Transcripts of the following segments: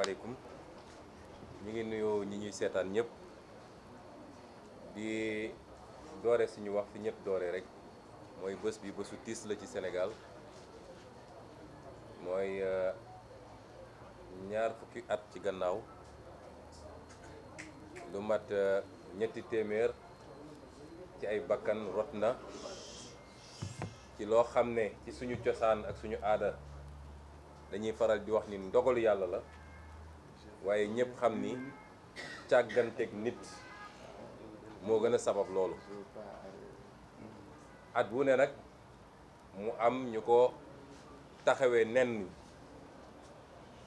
asalaamaaleykum ñu ngi nuyoo ñi ñuy seetaan ñëpp di doore suñu wax fi ñëpp doore rek mooy bés bi bésu tiis la ci senegal mooy euh, ñaar fukki at ci gannaaw lu mat euh, ñetti téeméer ci ay bakkan rot na ci loo xam ne ci suñu cosaan ak suñu aada dañuy faral di wax ni ndogalu yàlla la waaye ñëpp xam ni càgganteeg nit moo gën a sabab loolu at bu ne nag mu am ñu ko taxawee nen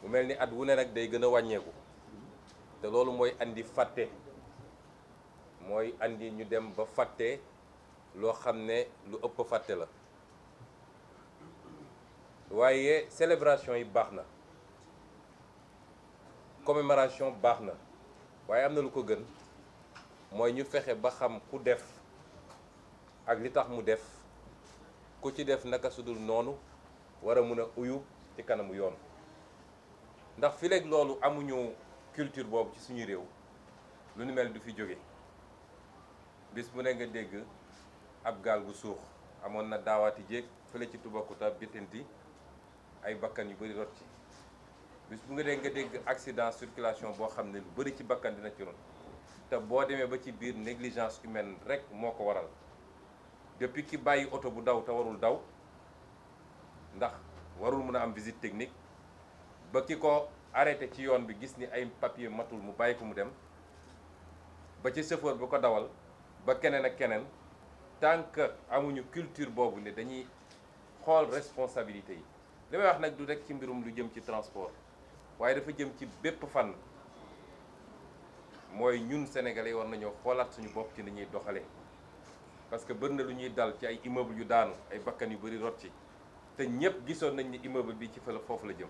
mu mel ni at wu ne nag day gën a wàññeeku te loolu mooy andi fàtte mooy andi ñu dem ba fàtte loo xam ne lu ëpp fàtte la waaye célébration yi baax na commémoration baax na waaye am na lu ko gën mooy ñu fexe ba xam ku def ak li tax mu def ku ci def naka sudul noonu war mën a uyu ci kanamu yoon ndax fi léegi loolu amuñu culture boobu ci suñu réew lu nu mel du fi jóge bis mu ne nga dégg ab gaal gu suux amoon na daawaati jéeg fële ci Toubacouta bitinti ay bakkan yu bari rot ci bis bu nga dégg nga dégg accident circulation boo xam ne lu bëri ci bakkan dina ci ron te boo demee ba ci biir négligence humaine rek moo ko waral depuis ki bàyyi oto bu daw te warul daw ndax warul mën a am visite technique ba ki ko arrêté ci yoon bi gis ni ay papier matul mu bàyyi ko mu dem ba ci chauffeur bu ko dawal ba keneen ak keneen tant que amuñu culture boobu ne dañuy xool responsabilité yi li may wax nag du rek ci mbirum lu jëm ci transport waaye dafa jëm ci bépp fànn mooy ñun sénégalais war nañoo xoolaat suñu bopp ci ni ñuy doxale parce que bëri na lu ñuy dal ci ay immeuble yu daanu ay bakkan yu bari rot ci te ñëpp gisoon nañ ni immeuble bi ci fële foofu la jëm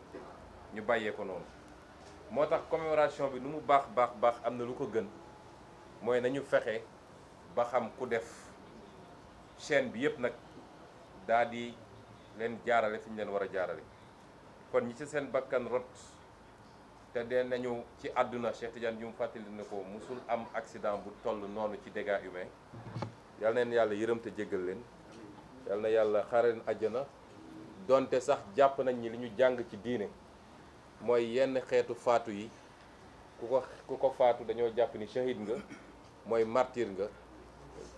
ñu bàyyee ko noonu moo tax commémoration bi nu mu baax baax baax am na lu ko gën mooy nañu fexe ba xam ku def chaine bi yëpp nag daa di leen jaarale fi ñu leen war a jaarale kon ñi ci seen bakkan rot te dee nañu ci àdduna Cheikh Tidiane ñu fàttali na ko musul am accident bu toll noonu ci dégâts humains yal na leen yàlla yërëm te jéggal leen yal na yàlla xare leen àjjana donte sax jàpp nañ ni li ñu jàng ci diine mooy yenn xeetu faatu yi ku ko ku ko faatu dañoo jàpp ni shahid nga mooy martir nga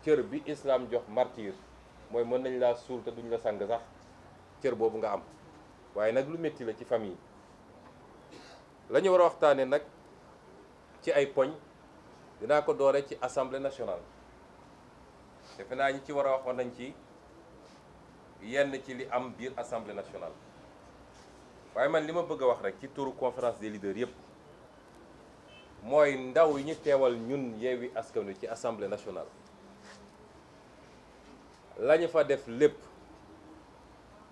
cër bi islam jox martyr mooy mën nañ laa suul te duñ la sàng sax cër boobu nga am waaye nag lu métti la ci famille la ñu war a waxtaanee nag ci ay poñ dinaa ko doore ci assemblée nationale defe naa ñi ci war a waxoon nañ ci yenn ci li am biir assemblée nationale waaye man li ma bëgg a wax rek ci tuuru conférence de leaders yépp mooy ndaw yi ñu teewal ñun yeewi askanu ci assemblée nationale lañu fa def lépp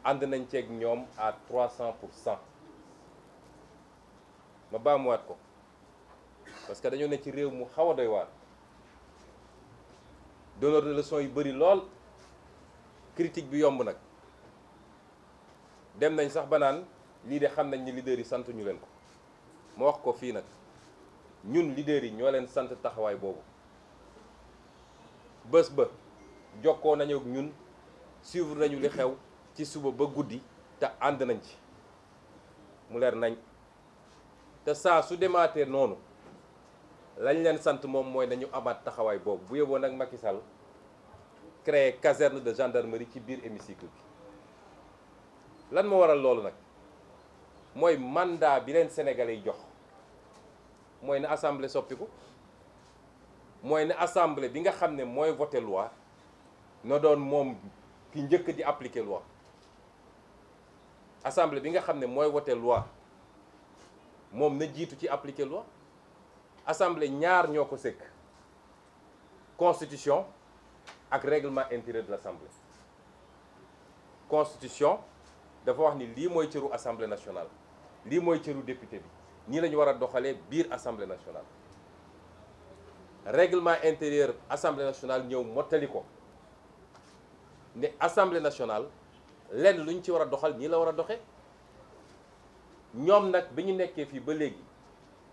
ànd nañ ceeg ñoom à 300 pour cent ma baamuwaat ko parce que dañoo ne ci réew mu xaw a doy waar donneur de leçon yu bari lool critique bi yomb nag dem nañ sax ba naan lii de xam nañ ni leaders yi sant ñu leen ko ma wax ko fii nag ñun leaders yi ñoo leen sant taxawaay boobu bés ba jokkoo nañu ak ñun suivre nañu li xew ci suba ba guddi te ànd nañ ci mu leer nañ te saa su demaatee noonu lañ leen sant moom mooy nañu amaat taxawaay boobu bu yóbboo nag Macky Sall créer caserne de gendarmerie ci biir hémicycle bi lan moo waral loolu nag mooy mandat bi leen sénégalais yi jox mooy na assemblée soppiku mooy ne assemblée bi nga xam ne mooy voté loi na doon moom ki njëkk di appliquer loi assemblée bi nga xam ne mooy voté loi moom na jiitu ci appliquer loi assemblée ñaar ñoo ko sëkk constitution ak réglement intérieur de l'assemblée constitution dafa wax ni lii mooy cëru assemblée nationale lii mooy cëru député bi nii lañu war a doxalee biir assemblée nationale règlement intérieur assemblée nationale ñëw mottali ko ne assemblée nationale lenn lu ñu ci war a doxal ñii la war a doxe ñoom nag bi ñu nekkee fii ba léegi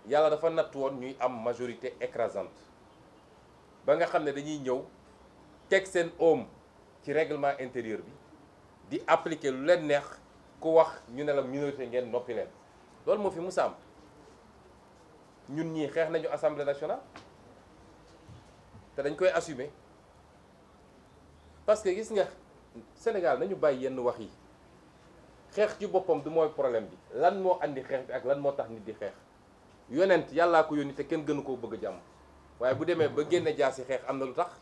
yàlla dafa natt woon ñuy am majorité écrasante ba nga xam ne dañuy ñëw teg seen oom ci réglement intérieur bi di appliquer lu leen neex ku wax ñu ne la minorité ngeen noppi leen loolu moo fi musa am ñun ñii xeex nañu assemblée nationale te dañ koy assumer parce que gis nga Sénégal nañu bàyyi yenn wax yi xeex ci boppam du mooy problème bi lan moo indi xeex bi ak lan moo tax nit di xeex yonent yàllaa ko yónni te kenn gënu koo bëgg jàmm waaye bu demee ba génne jaasi xeex am na lu tax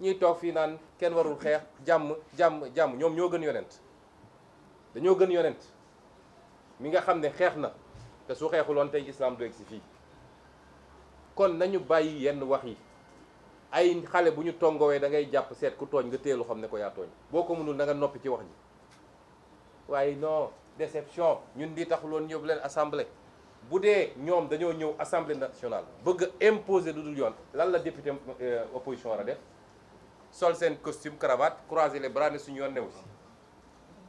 ñuy toog fii naan kenn warul xeex jàmm jàmm jàmm ñoom ñoo gën yonent dañoo gën yonent mi nga xam ne xeex na te su xeexuloon tey islam du egg si fii kon nañu bàyyi yenn wax yi ay xale bu ñu tongowee da ngay jàpp seet ku tooñ nga téelu xam ne ko yaa tooñ boo ko mënul da noppi ci wax ji waaye non déception ñun di taxuloon yóbbu leen assemblée bu dee ñoom dañoo ñëw assemblée nationale bëgg imposé imposer lu dul yoon lan la député euh, opposition war a def sol seen costume cravate croiser les bras suñu yoon new si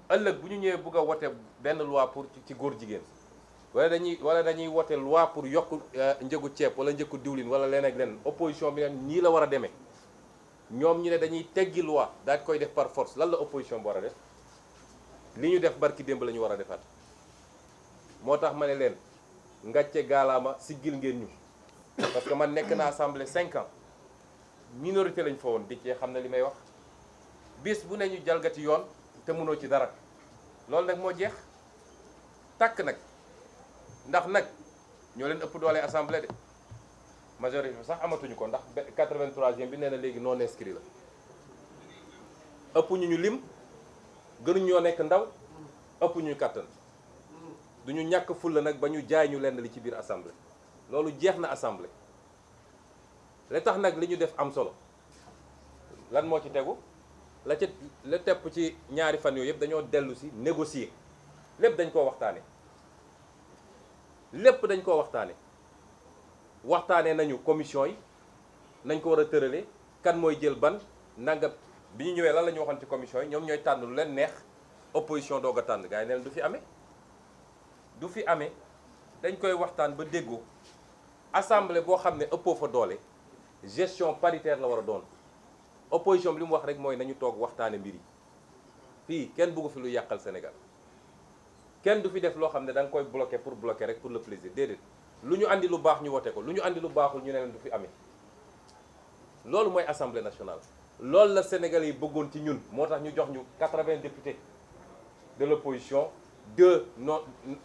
ëllëg bu ñu ñëwee bëgg a wote benn loi pour ci góor jigéen wala dañuy wala dañuy wote loi pour yokk euh, njëgu ceeb wala njëgu diwlin wala leen ak leen opposition bi neen nii la war a demee ñoom ñu ne dañuy teggi loi daal koy def par force lan la opposition bi war li ñu def barki démb lañu ñu war a defaat moo tax ma ne leen ngàcce gaalaama siggil ngeen ñu parce que man nekk na assemblée cinq ans minorité lañ fa woon di cee xam ne li may wax bis bu ne ñu jalgati yoon te mënoo ci dara loolu nag moo jeex tàkk nag ndax nag ñoo leen ëpp doole assemblée de majorité sax amatuñu ko ndax 83e bi nee na léegi non inscrit la ëpp ñu ñu lim. gënuñ ñoo nekk ndaw ëpp ñu kàttan du ñu ñàkk fulla nag ba ñu jaay ñu lenn li ci biir assemblée loolu jeex na assemblée li tax nag li ñu def am solo lan moo ci tegu la ca la tepp ci ñaari fan yooyu yëpp dañoo dellu si négocier lépp dañ koo waxtaane lépp dañ koo waxtaane waxtaane nañu commission yi nañ ko war a tëralee kan mooy jël ban nanga bi ñu ñëwee lan la ñu waxoon ci commission yi ñoom ñooy tànn lu leen neex opposition doog a tànn gars yi neen du fi amee du fi amee dañ koy waxtaan ba déggoo assemblée boo xam ne ëppoo fa doole gestion paritaire la war a doon opposition li mu wax rek mooy nañu toog waxtaane mbir yi fii kenn bëggu fi lu yàqal Sénégal kenn du fi def loo xam ne da koy bloquer pour bloquer rek pour le plaisir déedéet lu ñu indi lu baax ñu wote ko lu ñu indi lu baaxul ñu ne leen du fi amee loolu mooy assemblée nationale loolu la sénégal yi bëggoon ci ñun moo tax ñu jox ñu quatre-vingts députés de l'opposition deux non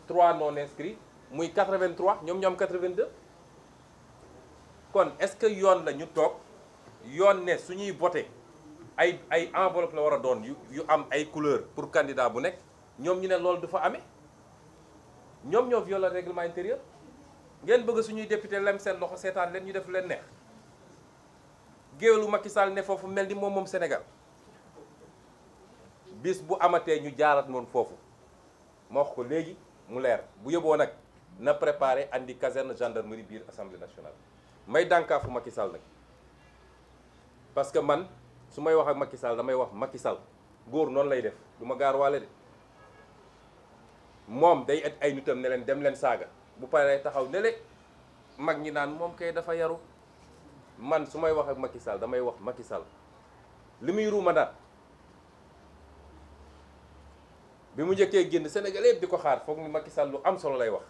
trois non inscrits muy quatre-vingt-trois ñoom ñoom quatre-vingt-deux kon est-ce que yoon la ñu toog yoon ne suñuy voté ay ay enveloppe la war a doon yu yu am ay couleur pour candidat bu nekk ñoom ñu ne loolu du fa amee ñoom ñoo violé règlement intérieur ngeen bëgg suñuy député lem seen loxo seetaan leen ñu def leen neex géwélu Macky Sall ne foofu mel ni moom moom Sénégal bis bu amatee ñu jaarat noonu foofu ma wax ko léegi mu leer bu yóbboo nag na préparer andi caserne gendarmerie biir assemblée nationale may dànkaafu Macky Sall nag parce que man su may wax ak Macky Sall damay wax Macky Sall góor noonu lay def du ma gaar waale de moom day et ay nitam ne leen dem leen saaga bu paree taxaw nele mag ñi naan moom kay dafa yaru man su may wax ak Macky damay wax Macky Sall li muy ruuma daat bi mu njëkkee génn Sénégal yëpp di ko xaar foog ni Macky Sall lu am solo lay wax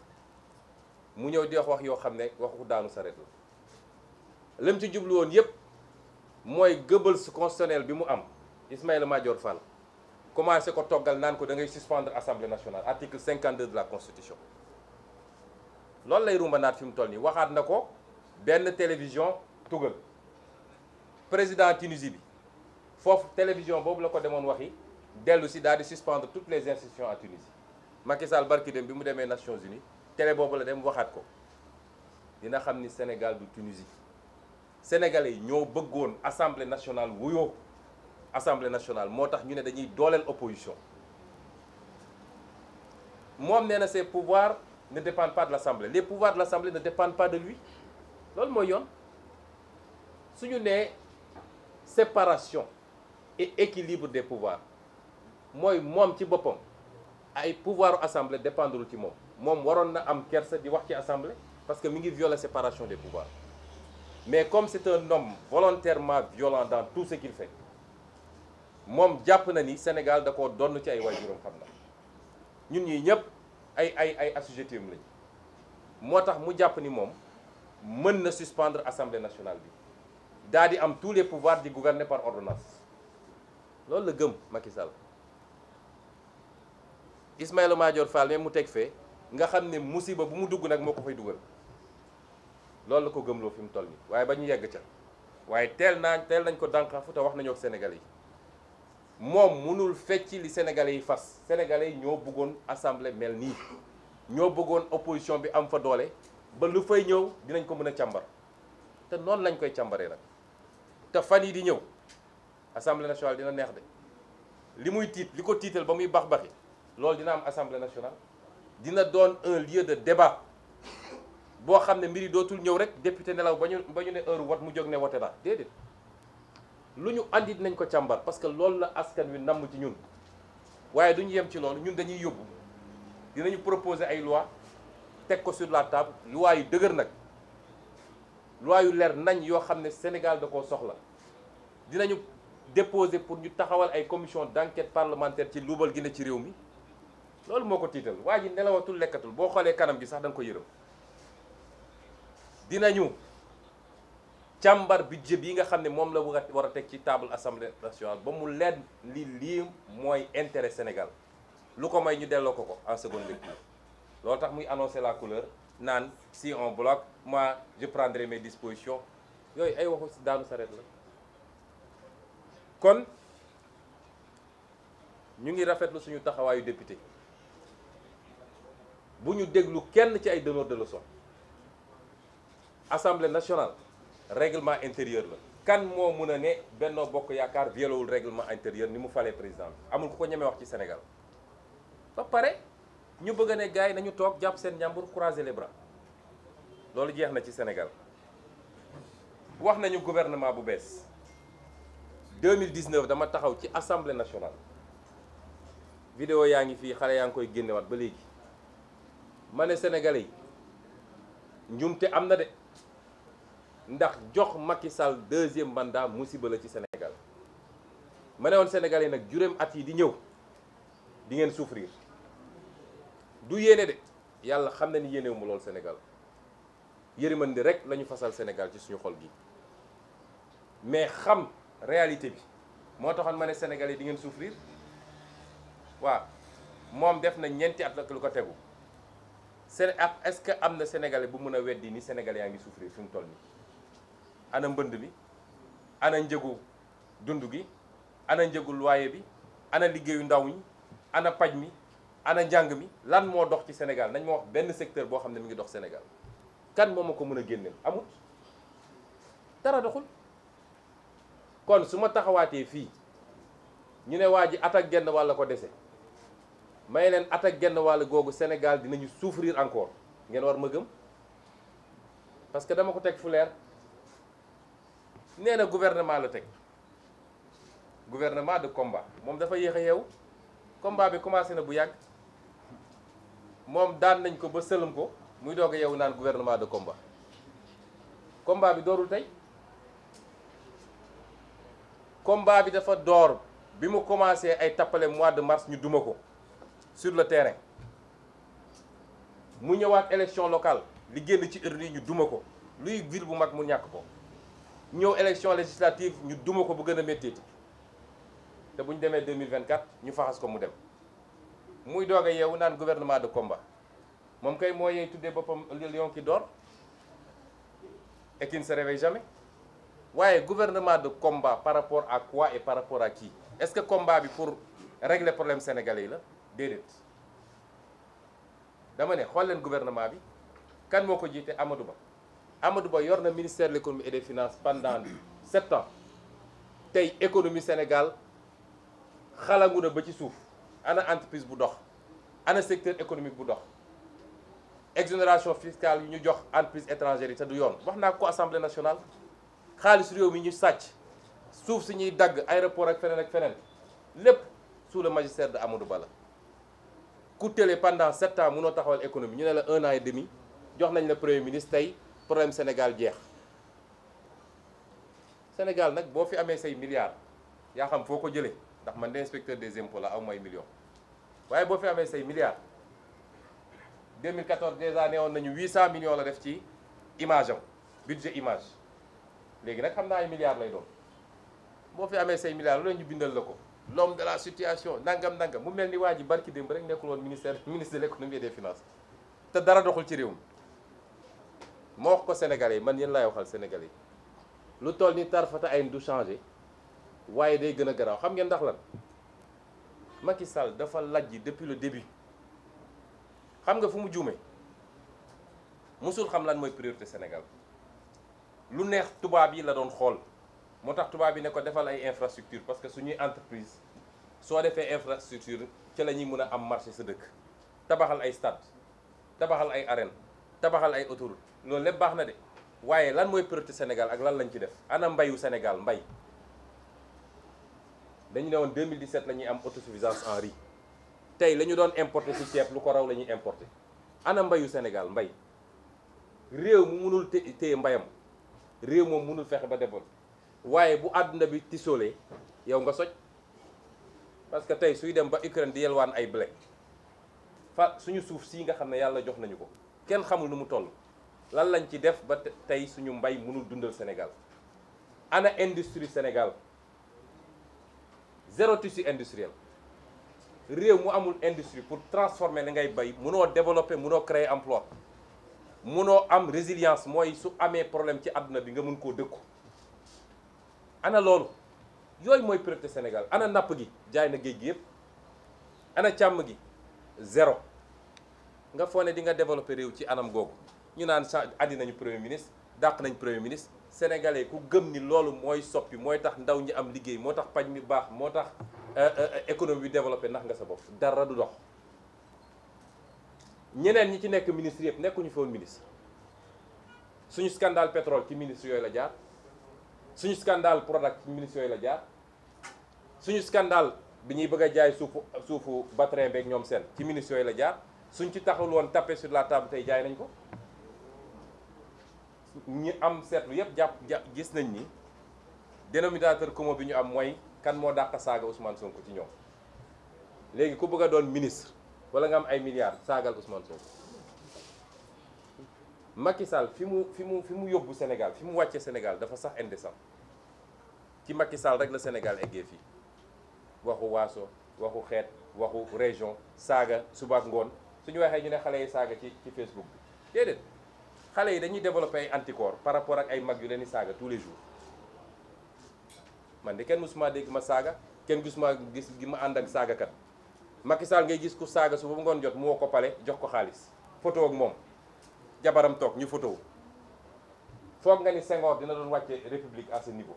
mu ñëw di wax wax yoo xam ne waxu daanu saret la lim ci jublu woon yëpp mooy gëbal su bi mu am Ismaïla Madior Fall commencé ko toggal naan ko da ngay suspendre assemblée nationale article 52 de la constitution loolu lay rumba naat fi mu toll nii waxaat na ko benn télévision tugal président Tunisie bi foofu télévision boobu la ko demoon waxi dellu si daal di suspendre toutes les institutions à Tunisie Macky Sall barki dem bi mu demee Nations Unies télé boobu la dem waxaat ko dina xam ni Sénégal du Tunisie Sénégalais yi ñoo bëggoon assemblée nationale wuyoo assemblée nationale moo tax ñu ne dañuy dooleel opposition moom nee na ses pouvoirs ne dépendent pas de l'assemblée les pouvoirs de l'assemblée ne dépendent pas de lui loolu mooy yoon. suñu nee séparation et équilibre des pouvoirs mooy moom ci boppam ay pouvoir assemblée dépendrul ci moom moom waroon na am kersa di wax ci assemblée parce que mi ngi viole séparation des pouvoirs mais comme c'est un homme volontairement violent dans tout ce qu'il fait moom jàpp na ni Sénégal da koo donn ci ay waajuram xam na ñun ñii ñëpp ay ay ay assujettis lañ moo tax mu jàpp ni moom mën na suspendre assemblée nationale bi daa di am tous les pouvoirs di gouverner par ordonnance loolu la gëm Macky Sall Ismaïla Madior Fall mais mu teg fee nga xam ne musiba bu mu dugg nag moo ko fay dugal loolu la ko gëmloo fi mu toll nii waaye ba ñu yegg ca waaye teel naa teel nañ ko dànqaafu te wax nañoo ak sénégalais yi moom mënul fecc li sénégalais yi fas sénégalais yi ñoo bëggoon assemblée mel nii ñoo bëggoon opposition bi am fa doole ba lu fay ñëw dinañ ko mën a càmbar te noonu lañ koy càmbaree nag. te fan yi di ñëw assemblée nationale dina neex de li muy tiit li ko tiital ba muy bax baxi loolu dina am assemblée nationale dina doon un lieu de débat boo xam ne mbiri dootul ñëw rek député nelaw ba ñu ba ñu ne heure wat mu jóg ne wote la déedéet lu ñu andi nañ ko càmbar parce que loolu la askan wi namm ci ñun waaye duñu yem ci loolu ñun dañuy yóbbu dinañu proposer ay loi teg ko sur la table loi yu dëgër nag loi yu leer nañ yoo xam ne Sénégal da koo soxla dinañu déposer pour ñu taxawal ay commission d'enquête parlementaire ci luubal gi ne ci réew mi loolu moo ko tiital waa ji nelawatul lekkatul boo xoolee kanam gi sax da nga ko yërëm dinañu càmbar bi budget yi nga xam ne moom la war a teg ci table assemblée nationale ba mu leen li lii mooy intéret Sénégal lu ko may ñu delloo ko ko en seconde lecture loolu tax muy annoncer la couleur naan si on bloque moi je prendrai mes dispositions yooyu ay waxu daanu saret la kon ñu ngi rafetlu suñu taxawaayu député bu ñu déglu kenn ci ay donneurs de leçons assemblée nationale règlement intérieur la kan moo mun a ne Benno Bokk Yaakaar violewul règlement intérieur ni mu falee président amul ku ko ñemee wax ci Sénégal ba pare ñu bëgg ne gars yi nañu toog jàpp seen njàmbur croiser les bras loolu jeex na ci senegal wax nañu gouvernement bu bees 2019 dama taxaw ci assemblée national vidéo yaa ngi fii xale yaa ngi koy génnewaat ba léegi ma ne sénégalais yi njumte am na de ndax jox Macky Sall deuxième mandat musiba la ci senegal ma ne woon yi nag juróom at yi di ñëw di ngeen souffrir. du yéene de yàlla xam na ni yéenewu loolu lool Sénégal yërmande rek la ñu fasal Sénégal ci suñu xol gi mais xam réalité bi moo taxal ma ne Sénégalais di ngeen souffrir waaw moom def na ñeenti at ak lu ko tegu Séné est-ce que am na Sénégalais bu mun a weddi ni Sénégalais yaa ngi souffrir fi mu toll nii ana mbënd bi ana njëgu dund gi ana njëgu loyer bi ana liggéeyu ndaw ñi ana paj mi. ana njàng mi lan moo dox ci Sénégal nañ moo wax benn secteur boo xam ne mi ngi dox Sénégal kan moo ma ko mën a génneel amut dara doxul kon su ma taxawaatee fii ñu ne waa ji at ak genn wàll ko dese may leen at ak genn wàll googu Sénégal dinañu souffrir encore ngeen war ma gëm parce que dama ko teg fu leer nee na gouvernement la teg gouvernement de combat moom dafa yéex a yeewu combat bi commencé na bu yàgg moom daan nañ ko ba sëlëm ko muy doog a yeewu naan gouvernement de combat combat bi doorul tey combat bi dafa door bi mu commencé ay tappale mois de mars ñu duma ko sur le terrain mu ñëwaat élection locale li génn ci urne yi ñu duma ko luy ville bu mag mu ñàkk ko ñëw élection législative ñu duma ko bu gën a méttiiti te bu ñu demee 2024 ñu faxas ko mu dem muy doog a yeewu naan gouvernement de combat moom kay mooy yey tuddee boppam le lion ki dort et qui jamais waaye gouvernement de combat par rapport à quoi et par rapport à qui est-ce que combat bi pour régler problème sénégalais yi la déedéet dama ne xool leen gouvernement bi kan moo ko jiite Amadou Ba Amadou Ba yor na ministère de l'économie et des finance pendant sept ans tey économie Sénégal xalangu na ba ci suuf ana entreprise bu dox ana secteur économique bu dox exonération fiscale yi ñu jox entreprise étrangère yi te du yoon wax naa ko assemblée nationale xaalis réew mi ñu sàcc suuf si ñuy dagg aéroport ak feneen ak feneen lépp sous le magistère de Amadou bala la ku télé pendant sept ans mënoo taxawal économie ñu ne la un an et demi jox nañu la premier ministre tey problème Sénégal jeex Sénégal nag boo fi amee say milliards yaa xam foo ko jëlee ndax man de inspecteur des impôts la aw may million waaye boo fi amee say milliards 2014 déjà neewoon nañu cent millions la def ci image am budget image léegi nag xam naa ay milliards lay doon boo fi amee say milliards loolu ñu bindal la ko l'homme de la situation nangam nangam mu mel ni waa ji barki démb rek nekkul woon ministère ministre de l'économie de finance te dara doxul ci réew mi moo wax ko sénégalais yi man yéen laay waxal sénégalais yi lu toll ni tarfata ay du changé waaye day gën a garaaw xam ngeen ndax lan Macky Sall dafa lajj depuis le début xam nga fu mu juume mosul xam lan mooy priorité Sénégal lu neex tubaab yi la doon xool moo tax tubaab yi ne ko defal ay infrastructure parce que suñuy entreprise soo defee infrastructure ci la ñuy mën a am marché sa dëkk tabaxal ay stat tabaxal ay arène tabaxal ay autoroute loolu lépp baax na de waaye lan mooy priorité Sénégal ak lan lañu ci def ana mbayu Sénégal mbay dañu ne woon 2017 la ñuy am autosuffisance en riz tey la ñu doon importer si ceeb lu ko raw la ñuy importer ana mbayu Sénégal mbay réew mu mënul téye mbayam réew moom munul fexe ba defoon waaye bu àdduna bi tisoolee yow nga soj parce que tey suy dem ba Ukraine di yelwaan ay blé fa suñu suuf sii nga xam ne yàlla jox nañu ko kenn xamul nu mu toll lan lañ ci def ba tey suñu mbay mënul dundal Sénégal ana industrie Sénégal zéro tissu industriel réew mu amul industrie pour transformer li ngay bay munoo développer munoo créer emploi munoo am résilience mooy su amee problème ci àdduna bi nga mun koo dëkku ana loolu yooyu mooy priorité Sénégal ana napp gi jaay na géej gi yëpp ana càmm gi zéro nga foo ne di nga développer réew ci anam googu ñu naan change andi nañu premier ministre dàq nañ premier ministre sénégalais ku gëm ni loolu mooy soppi mooy tax ndaw ñi am liggéey moo tax paj mi baax moo tax euh, euh, euh, économie bi développé nax nga sa bopp dara du dox ñeneen ñi ci nekk ministre yëpp nekkuñu fa woon ministre suñu scandale pétrole ci ministre yooyu la jaar suñu scandale Prodac ci ministre la jaar suñu scandale bi ñuy bëgg a jaay suufu suufu Batrin beek ñoom seen ci ministre yooyu la jaar suñ ci taxawul woon tapé sur la table tey jaay nañ ko ñu am seetlu yëpp jàpp jàpp gis nañ ni dénominateur commun bi ñu am mooy kan moo dàq saaga Ousmane Sonko ci ñoom léegi ku bëgg a doon ministre wala nga am ay milliards saagal Ousmane Sonko Macky Sall fi mu fi mu fi mu yóbbu senegal fi mu wàcce Sénégal dafa sax indécent ci Macky Sall rek la Sénégal eggee fii waxu waaso waxu xeet waxu région saaga suba ak ngoon suñu waxee ñu ne xale yi saaga ci ci Facebook bi déedéet. xale yi dañuy développé ay anticorps par rapport ak ay mag yu leen saaga tous les jours man de kenn musuma dégg ma saaga kenn gisuma gis gi ma ànd ak saagakat Macky Sall ngay gis ku saaga su ba ngoon jot moo ko pale jox ko xaalis photo ak moom jabaram toog ñu photo foog nga ni sengoor dina doon wàcce république à ce niveau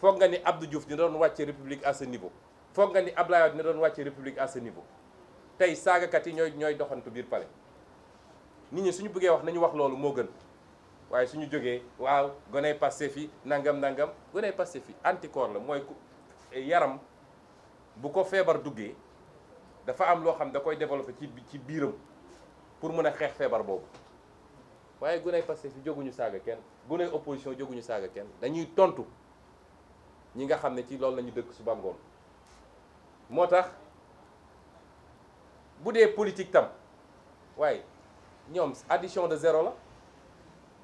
foog nga ni Abdou Diouf dina doon wàcce république à ce niveau foog nga ni Abdoulaye dina doon wàcce république à ce niveau tey saagakat yi ñooy ñooy doxantu biir pale nit ñi suñu bëggee wax nañu wax loolu moo gën waaye suñu jógee waaw goney Pastef yi nangam nangam goney Pastef yi anticorps la mooy ku yaram bu ko feebar duggee dafa am loo xam da koy développé ci ci biiram pour mën a xeex feebar boobu waaye guney Pastef fi jóguñu saaga kenn guney opposition jóguñu saaga kenn dañuy tontu ñi nga xam ne ci loolu la ñu dëkk suba ngoon moo tax bu dee politique tam waaye ñoom addition de zéro la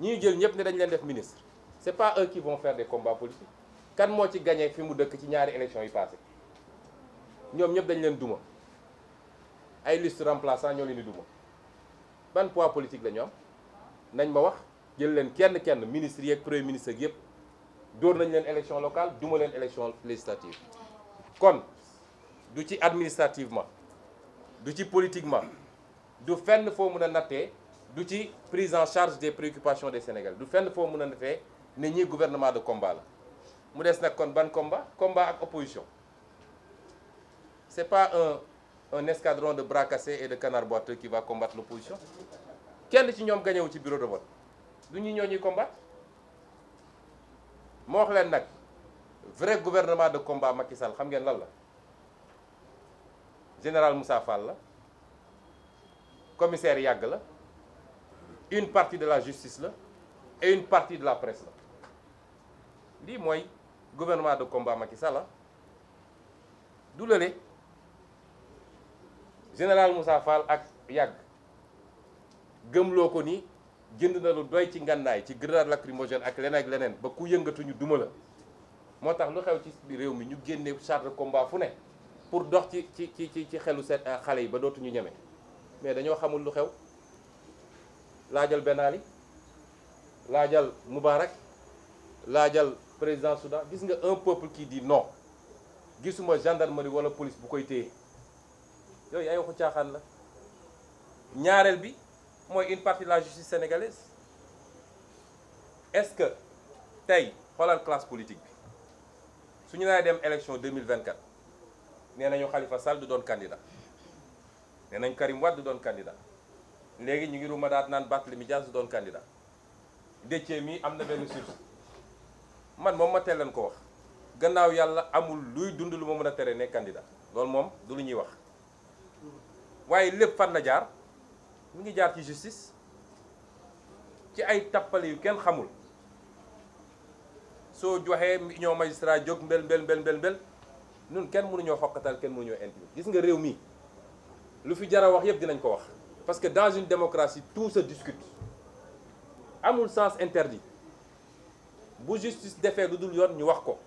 ñuy jël ñëpp ne dañ leen def ministre c'est pas eux qui vont faire des kan moo ci gañee fi mu dëkk ci ñaari élection yu passé ñoom ñëpp dañ leen duma ay liste remplaçant ñoo leen di duma ban poids politique la ñu nañ ma wax jël leen kenn kenn ministre yeeg premier ministre yëpp dóor nañ leen élection locale duma leen élection législative kon du ci administrativement du ci politiquement du fenn foo mën a nattee du ci prise en charge des préoccupations des sénégal du fenn foo mën a nattee ne ñi gouvernement de combat la mu des nag kon ban combat combat ak opposition c'est pas un un escadron de bras cassés et de canards boiteux qui va combattre l'opposition kenn ci ñoom gañewu ci bureau de vote du ñu ñoo ñuy moo wax leen nag vrai gouvernement de combat Macky xam ngeen lan la général Moussa Fall la commissaire yàgg la une partie de la justice la une partie de la presse la lii mooy gouvernement de combat Macky Sall la ah. du lële général Moussa Fall ak yàgg gëmloo ko ni jënd na lu doy ci ngànnaay ci grenade lacrymogène ak leneen ak leneen ba ku yëngatuñu duma la moo tax lu xew ci réew mi ñu génne char de combat fu ne pour dox ci ci ci ci xelu seen xale yi ba dootuñu ñeme. mais dañoo xamul lu xew laajal Ben Ali laajal Moubarak laajal président Soudan gis nga un peuple qui dit non gisuma gendarmerie wala police bu koy téye yooyu ay waxu la ñaareel bi mooy une partie de la justice sénégalaise est-ce que tey xoolal classe politique bi su ñu lay dem élection 2024 nee nañu Khalifa Sall du doon candidat nee nañ Karim Wade doon candidat léegi ñu ngi ruma daat mi Barthélémy Dias doon candidat Déthié mi am na benn source man moom ma teel ko wax gannaaw yàlla amul luy dund lu ma mën a tere ne candidat loolu moom du lu ñuy wax waaye lépp fan la jaar mu ngi jaar ci justice ci ay tappale yu kenn xamul soo joxee ñoo magistrat jóg mbel mbel mbel mbel mbel nun kenn mënuñoo xoqatal kenn mënuñoo intime gis nga réew mi lu fi jara wax yëpp dinañ ko wax parce que dans une démocratie tout se discute amul sens interdit bu justice defee lu dul yoon ñu wax ko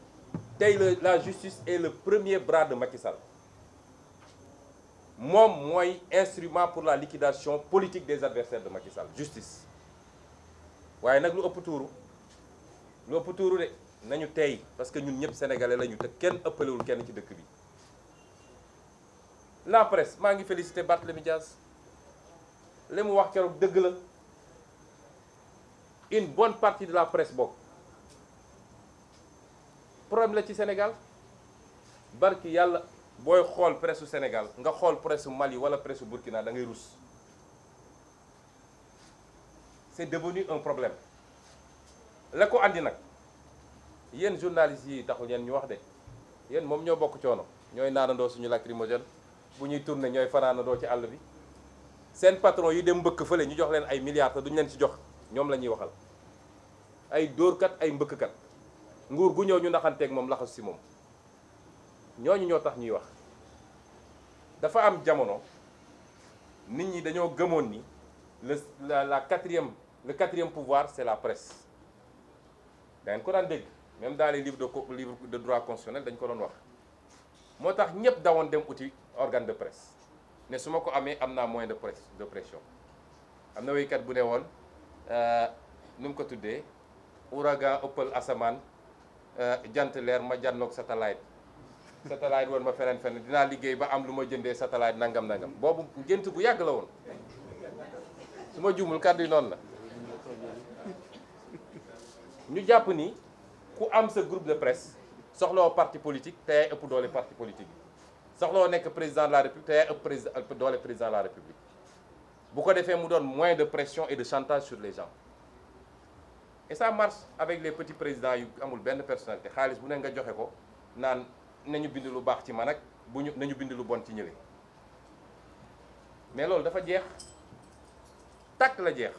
tey la la justice et le premier bras de Macky moom mooy instrument pour la liquidation politique des adversaires de Macky Sall justice waaye nag lu ëpp tuuru lu ëpp tuuru de nañu tey parce que ñun ñëpp sénégalais lañu te kenn ëppalewul kenn ci dëkk bi la presse maa ngi félicité Barthélémy Dias li mu wax keroog dëgg la une bonne partie de la presse bokk problème la ci Sénégal barki yàlla booy xool pressu Sénégal nga xool presse Mali wala presse su Burkina da ngay rus c'est devenu un problème la ko andi nag yéen journalistes yi taxul yéen ñu wax de yéen moom ñoo bokk coono ñooy naanandoo suñu lacrymogène bu ñuy tourné ñooy fanaanandoo ci àll bi seen patron yi dem mbëkk fële ñu jox leen ay milliards te duñ leen ci jox ñoom la ñuy waxal ay dóorkat ay mbëkkkat nguur gu ñëw ñu naxanteeg moom laxas si moom ñooñu ñoo tax ñuy wax dafa am jamono nit ñi dañoo gëmoon ni le la la quatrième le quatrième pouvoir c'est la presse da ngeen ko daan dégg même dans les livres de livre de droit constitutionnel dañ ko doon wax moo tax ñëpp dawoon dem uti organe de presse ne su ma ko amee am naa moins de presse de pression am na wéykat bu ne woon euh, nu mu ko tuddee ouragan ëppal asamaan euh, jant leer ma jànnoog satellite satellite woon ma feneen feneen dinaa liggéey ba am lu ma jëndee satellite nangam nangam boobu gént bu yàgg la woon su ma juumul kàddu yi noonu la ñu jàpp ni ku am sa groupe de presse soxloo parti politique te yaay ëpp doole parti politique bi soxloo nekk président la république te yaay ëpp doole président la république bu ko defee mu doon moins de pression et de chantage sur les gens et ça marche avec les petits président yu amul benn personnalité xaalis bu ne nga joxe ko naan na ñu bind lu baax ci man ak bu ñu nañu bind lu bon ci ñële mais loolu dafa jeex takk la jeex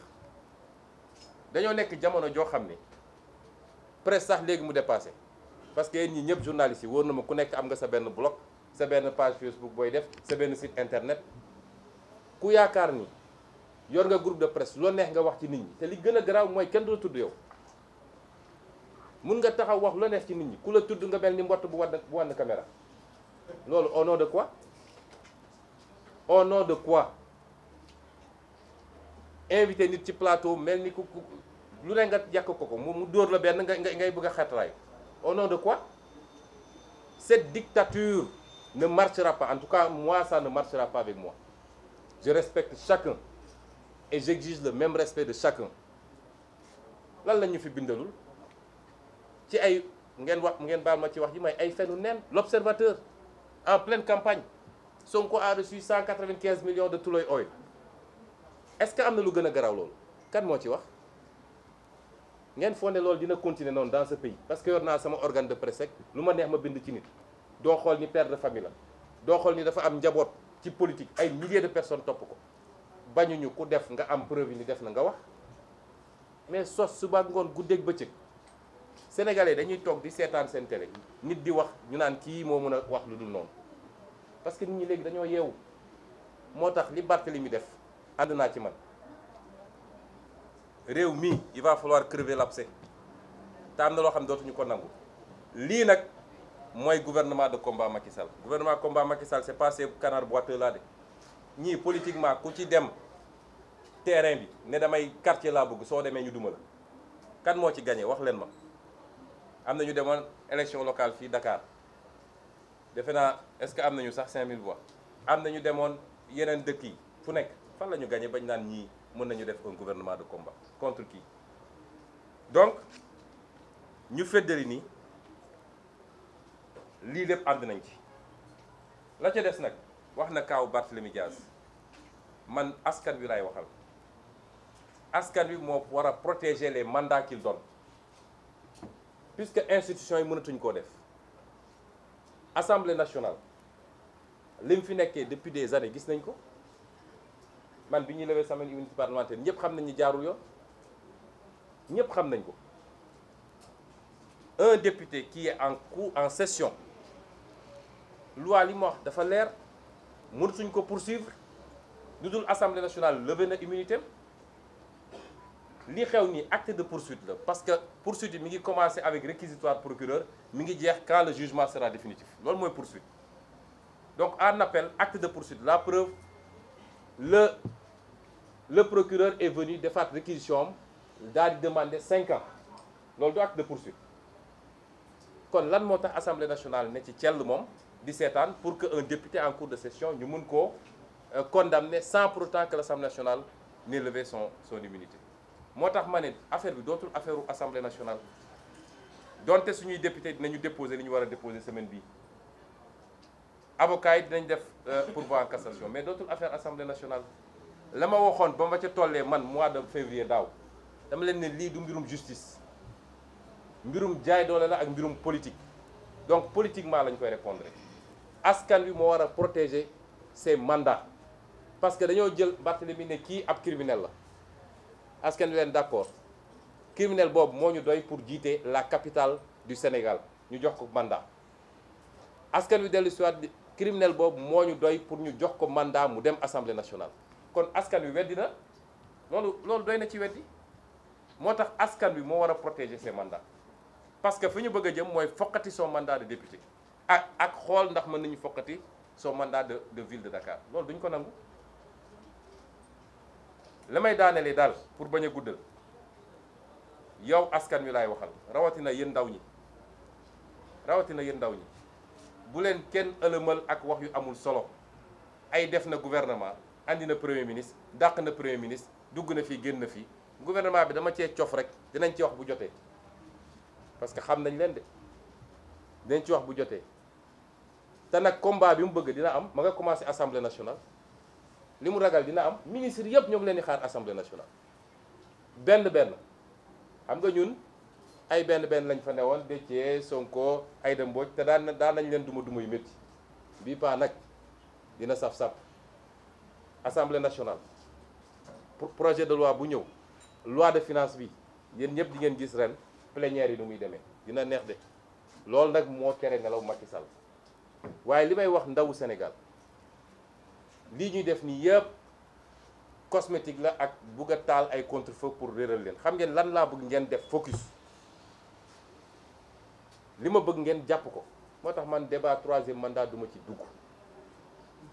dañoo nekk jamono joo xam ni presse sax léegi mu dépassé parce que yéen ñi ñëpp journalistes yi wóor na ma ku nekk am nga sa benn blog sa benn page Facebook booy def sa benn site internet ku yaakaar ni yor nga groupe de presse loo neex nga wax ci nit ñi te li gën a garaaw mooy kenn du la tudd yow mun nga taxaw wax loo neex ci nit ñi ku la tudd nga mel ni mbott bu wadd bu wann caméra loolu au nom de quoi au nom de quoi invité nit ci plateau mel ni ku lu ne nga yàq ko ko mu dóor la benn nga ngay bëgg a xetraay Au nom de quoi Cette dictature ne marchera pas. En tout cas, moi, ça ne marchera pas avec moi. Je respecte chacun et j'exige le même respect de chacun. lan la ñu fi bindalul ci ay ngeen wax ngeen baal ma ci wax ji may ay fenu neen l'observateur en pleine campagne Sonko a reçu 195 millions de touloy oil est-ce que am na lu gën a garaw loolu kan moo ci wax ngeen foog ne loolu dina continuer noonu dans ce pays parce que yor naa sama organe de presse rek lu ma neex ma bind ci nit doo xool ni père de famille la doo xool ni dafa am njaboot ci politique ay milliers de personnes topp ko bañuñu ku def nga am preuve ni def na nga wax mais sos suba ngoon guddeeg bëccëg sénégalais dañuy toog di seetaan seen télé nit di wax ñu naan kii moo mën a wax lu dul noonu parce que nit ñi léegi dañoo yeewu moo tax li Barthélemy def ànd naa ci man réew mi il va falloir crever te am na loo xam ne dootuñu ko nangu lii nag mooy gouvernement de combat Macky Sall gouvernement combat Macky Sall c'est pas ces canards boiteux là de ñii politiquement ku ci dem terrain bi ne damay quartier laa bëgg soo demee ñu duma la kan moo ci gagné wax leen ma am na ñu demoon élection locale fii Dakar defe naa est-ce que am nañu sax 5000 voix am na ñu demoon yeneen dëkk yi fu nekk fan lañu ñu bañ naan ñii. mën nañu def un gouvernement de combat contre qui donc ñu feddali ni lii lépp ànd nañ ci la ca des nag wax na kaaw Barthélemy Diaz man askan wi laay waxal askan wi moo war a protéger les mandats qu'il donne puisque institution yi mënatuñ koo def assemblée nationale li mu fi nekkee depuis des années gis nañ ko man bi ñuy lewee sama immunité parlementaire ñëpp xam nañ ni jaarul yoon ñëpp xam nañ ko un député qui est en cours en session loi li mu wax dafa leer suñ ko poursuivre lu dul assemblée nationale levé na immunité li xew nii acte de poursuite la parce que poursuite yi mi ngi commencé avec réquisitoire procureur mi ngi jeex quand le jugement sera définitif loolu mooy poursuite donc en appel acte de poursuite la preuve le le procureur est venu defaat réquisition am daal di demander cinq ans loolu du acte de poursuite kon lan moo tax assemblée nationale ne ci cell moom di seetaan pour que un député en cours de session ñu mun ko euh, condamner sans pour autant que l'assemblée nationale n'ait levé son son immunité moo tax ma ne affaire bi dootul affaire u assemblée nationale donte suñuy député dinañu déposer li ñu war a semaine bi avocat yi dinañ def euh, pourvoi en cassation mais dootul affaire assemblée nationale la ma waxoon ba ma ca tollee man mois de février daaw dama leen ne lii du mbirum justice mbirum jaay doole la ak mbirum politique donc politiquement lañ koy répondre askan bi moo war a protéger ses mandats parce que dañoo jël Barthélemy ne kii ab criminel la askan wi leen d'accord criminel boobu moo ñu doy pour jiite la capitale du Sénégal ñu jox ko mandat askan wi dellu siwaat criminel boobu moo ñu doy pour ñu jox ko mandat mu dem assemblée nationale kon askan wi weddi na loolu loolu doy na ci weddi moo tax askan wi moo war a protéger ses mandats parce que fu ñu bëgg a jëm mooy foqati son mandat de député ak ak xool ndax mën nañu foqati soo mandat de de ville de Dakar loolu duñ ko nangu la may daanelee daal pour bañ a guddal yow askan wi laay waxal rawatina yéen ndaw ñi rawatina yéen ndaw ñi bu leen kenn ëlëmal ak wax yu amul solo ay def na gouvernement andi na premier ministre dàq na premier ministre dugg na fii génn na fii gouvernement bi dama cee cof rek dinañ ci wax bu jotee parce que xam nañ leen de dañ ci wax bu jotee te nag combat bi mu bëgg dina am ma nga commencé assemblée nationale li mu ragal dina am ministre yëpp ñoo ngi leen di xaar assemblée nationale benn benn xam nga ñun ay benn benn lañ fa newoon Déthié Sonko Aïda Mbodj te daan daan nañ leen duma duma yu métti bii paa nag dina saf-saf assemblée nationale projet de loi bu ñëw loi de finance bi yéen ñëpp di ngeen gis ren plénière yi nu muy demee dina neex de loolu nag moo tere nelaw Macky Sall waaye li may wax ndawu Sénégal lii ñuy def nii yëpp cosmétique la ak bugg a taal ay contre-feu pour réeral leen xam ngeen lan laa bëgg ngeen def focus li ma bëgg ngeen jàpp ko moo tax man débat troisième mandat duma ci dugg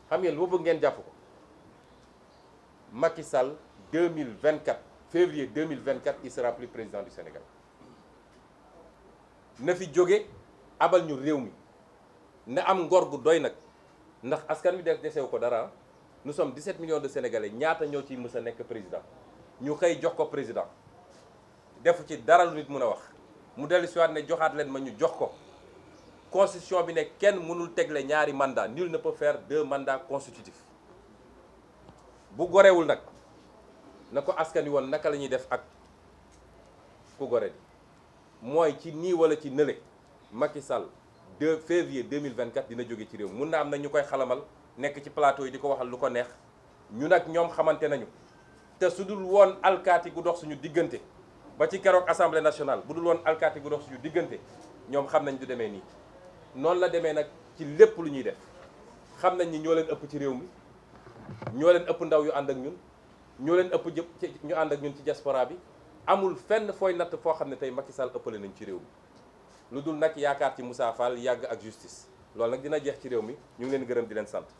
xam ngeen lu ma bëgg ngeen jàpp ko Macky Sall 2024 février 2024 il sera plus président du Sénégal na fi jóge abal ñu réew mi na am ngor gu doy nag ndax askan wi def desew ko dara nu nous sommes 17 millions de Sénégalais ñaata ñoo ci mës a nekk président ñu xëy jox ko président defu ci dara lu nit mun a wax mu dellu si ne joxaat leen ma ñu jox ko constitution bi ne kenn mënul tegle ñaari mandat nul ne peut faire deux mandats constitutifs bu gorewul nag na ko askan wi woon naka la ñuy def ak ku gore di mooy ci nii wala ci nële Macky Sall mille vingt 2024 dina jóge ci réew mun na am na ñu koy xalamal nekk ci plateau yi di ko waxal lu ko neex ñu nag ñoom xamante nañu te su dul woon alkaati gu dox suñu diggante ba ci keroog assemblée nationale bu dul woon alkaati gu dox suñu diggante ñoom xam nañ du demee nii noonu la demee nag ci lépp lu ñuy def xam nañ ni ñoo leen ëpp ci réew mi ñoo leen ëpp ndaw yu ànd ak ñun ñoo leen ëpp jëpp ci ñu ànd ak ñun ci diaspora bi amul fenn fooy natt foo xam ne tey Macky Sall ëppale nañ ci réew mi lu dul nag yaakaar ci Moussa faal yàgg ak justice loolu nag dina jeex ci réew mi ñu ngi leen gërëm di leen sant